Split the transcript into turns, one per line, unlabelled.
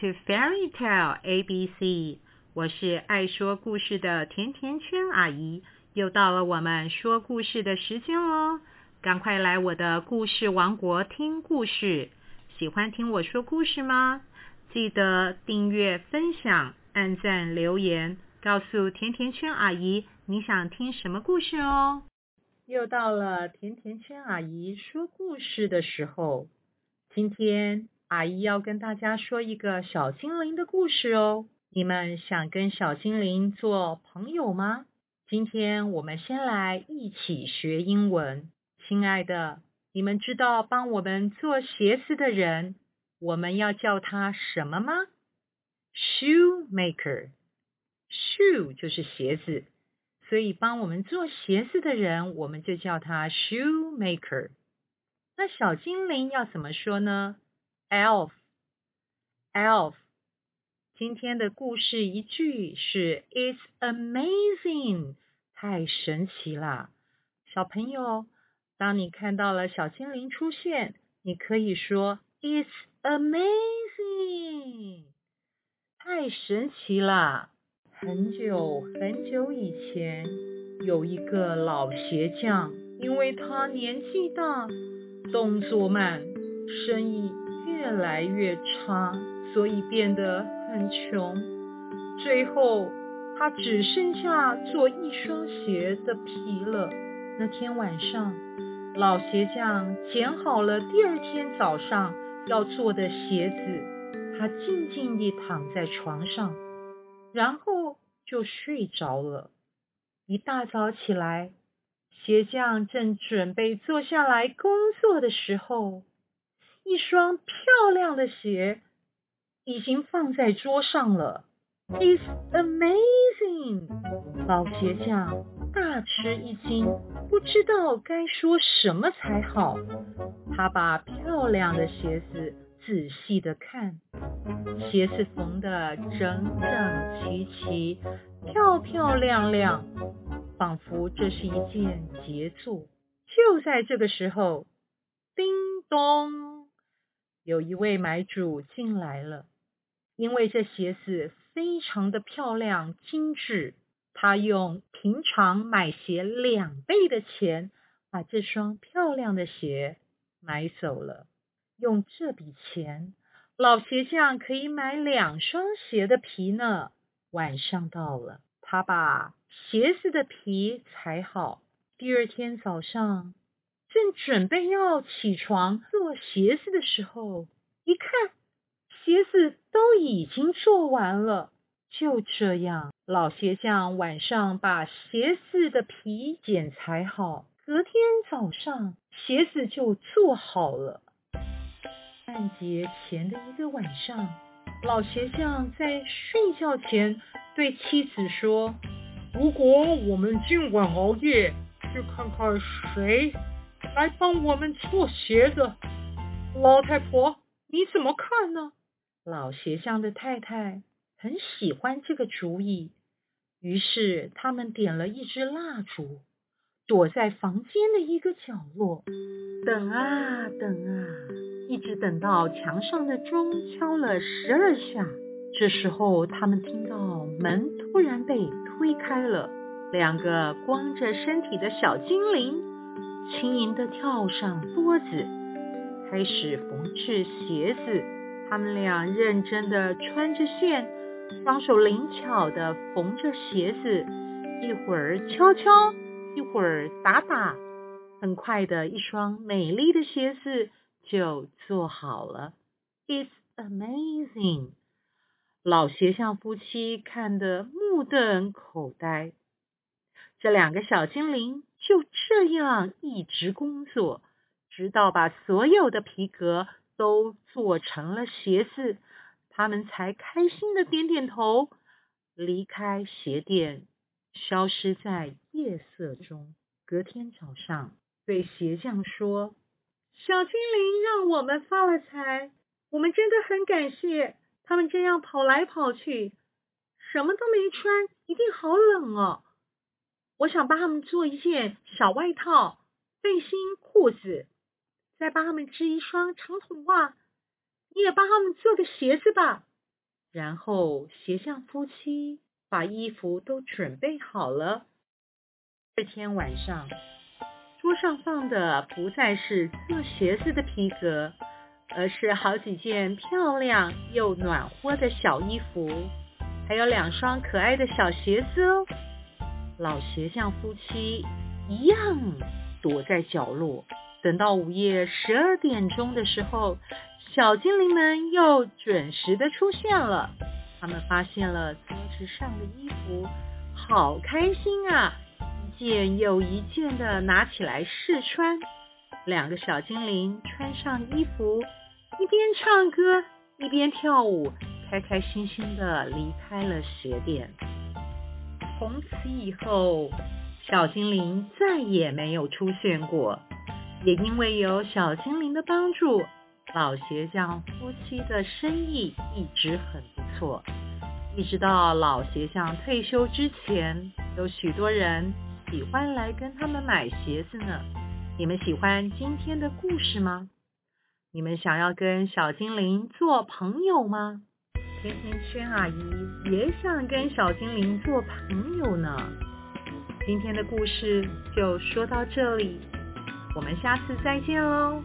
To fairy tale A B C，我是愛說故事的甜甜圈阿姨，又到了我們說故事的時間嘍！趕快來我的故事王國聽故事，喜歡聽我說故事嗎？記得訂閱、分享、按讚、留言，告訴甜甜圈阿姨你想聽什麼故事哦！又到了甜甜圈阿姨說故事的時候，今天。阿姨要跟大家說一個小精靈的故事哦。你們想跟小精靈做朋友嗎？今天我們先來一起學英文。親愛的，你們知道幫我們做鞋子的人，我們要叫他什麼嗎？Shoemaker。Shoe 就是鞋子，所以幫我們做鞋子的人，我們就叫他 shoemaker。那小精靈要怎麼說呢？Elf, Elf，今天的故事一句是 "It's amazing，太神奇了。小朋友，當你看到了小精靈出現，你可以說 "It's amazing，太神奇了。很久很久以前，有一個老鞋匠，因為他年紀大，動作慢，生意。越來越差，所以變得很窮。最後，他只剩下做一雙鞋的皮了。那天晚上，老鞋匠剪好了第二天早上要做的鞋子，他靜靜地躺在床上，然後就睡着了。一大早起來，鞋匠正準備坐下來工作的時候。一雙漂亮的鞋已經放在桌上了。It's amazing！老鞋匠大吃一驚，不知道該說什麼才好。他把漂亮的鞋子仔細地看，鞋子縫得整整齊齊，漂漂亮亮，仿佛這是一件傑作。就在這個時候，叮咚。有一位買主進來了，因為這鞋子非常的漂亮精致，他用平常買鞋兩倍的錢把這雙漂亮的鞋買走了。用這筆錢，老鞋匠可以買兩雙鞋的皮呢。晚上到了，他把鞋子的皮裁好，第二天早上，正準備要起床做鞋子的時候，一看鞋子都已經做完了。就這樣，老鞋匠晚上把鞋子的皮剪裁好，隔天早上鞋子就做好了。半節前的一個晚上，老鞋匠在睡覺前對妻子說：“如果我們今晚熬夜去看看誰？”來幫我們做鞋子，老太婆，你怎麼看呢？老鞋匠的太太很喜歡這個主意，於是他們點了一支蠟燭，躲在房間的一個角落，等啊等啊，一直等到牆上的鐘敲了十二下。這時候，他們聽到門突然被推開了，兩個光着身體的小精靈。輕盈的跳上桌子，開始縫製鞋子。他們倆認真的穿着線，雙手靈巧的縫着鞋子，一會兒敲敲，一會兒打打，很快的，一雙美麗的鞋子就做好了。It's amazing！老鞋匠夫妻看得目瞪口呆。這兩個小精靈。就這樣一直工作，直到把所有的皮革都做成了鞋子，他們才開心地點點頭，離開鞋店，消失在夜色中。隔天早上，對鞋匠說：“小精靈讓我們發了財，我們真的很感謝他們這樣跑來跑去，什麼都沒穿，一定好冷哦。”我想幫他們做一件小外套、背心、褲子，再幫他們織一雙長筒襪。你也幫他們做個鞋子吧。然後鞋匠夫妻把衣服都準備好了。這天晚上，桌上放的不再是做鞋子的皮革，而是好幾件漂亮又暖和的小衣服，還有兩雙可愛的小鞋子哦。老鞋匠夫妻一樣躲在角落，等到午夜十二點鐘的時候，小精靈們又準時的出現了。他們發現了桌子上的衣服，好開心啊！一件又一件的拿起來試穿。兩個小精靈穿上衣服，一邊唱歌一邊跳舞，開開心心的離開了鞋店。從此以後，小精靈再也沒有出現過。也因為有小精靈的幫助，老鞋匠夫妻的生意一直很不錯。一直到老鞋匠退休之前，有許多人喜歡來跟他們買鞋子呢。你們喜歡今天的故事嗎？你們想要跟小精靈做朋友嗎？甜甜圈阿姨也想跟小精靈做朋友呢。今天的故事就說到這裡，我們下次再見嘍。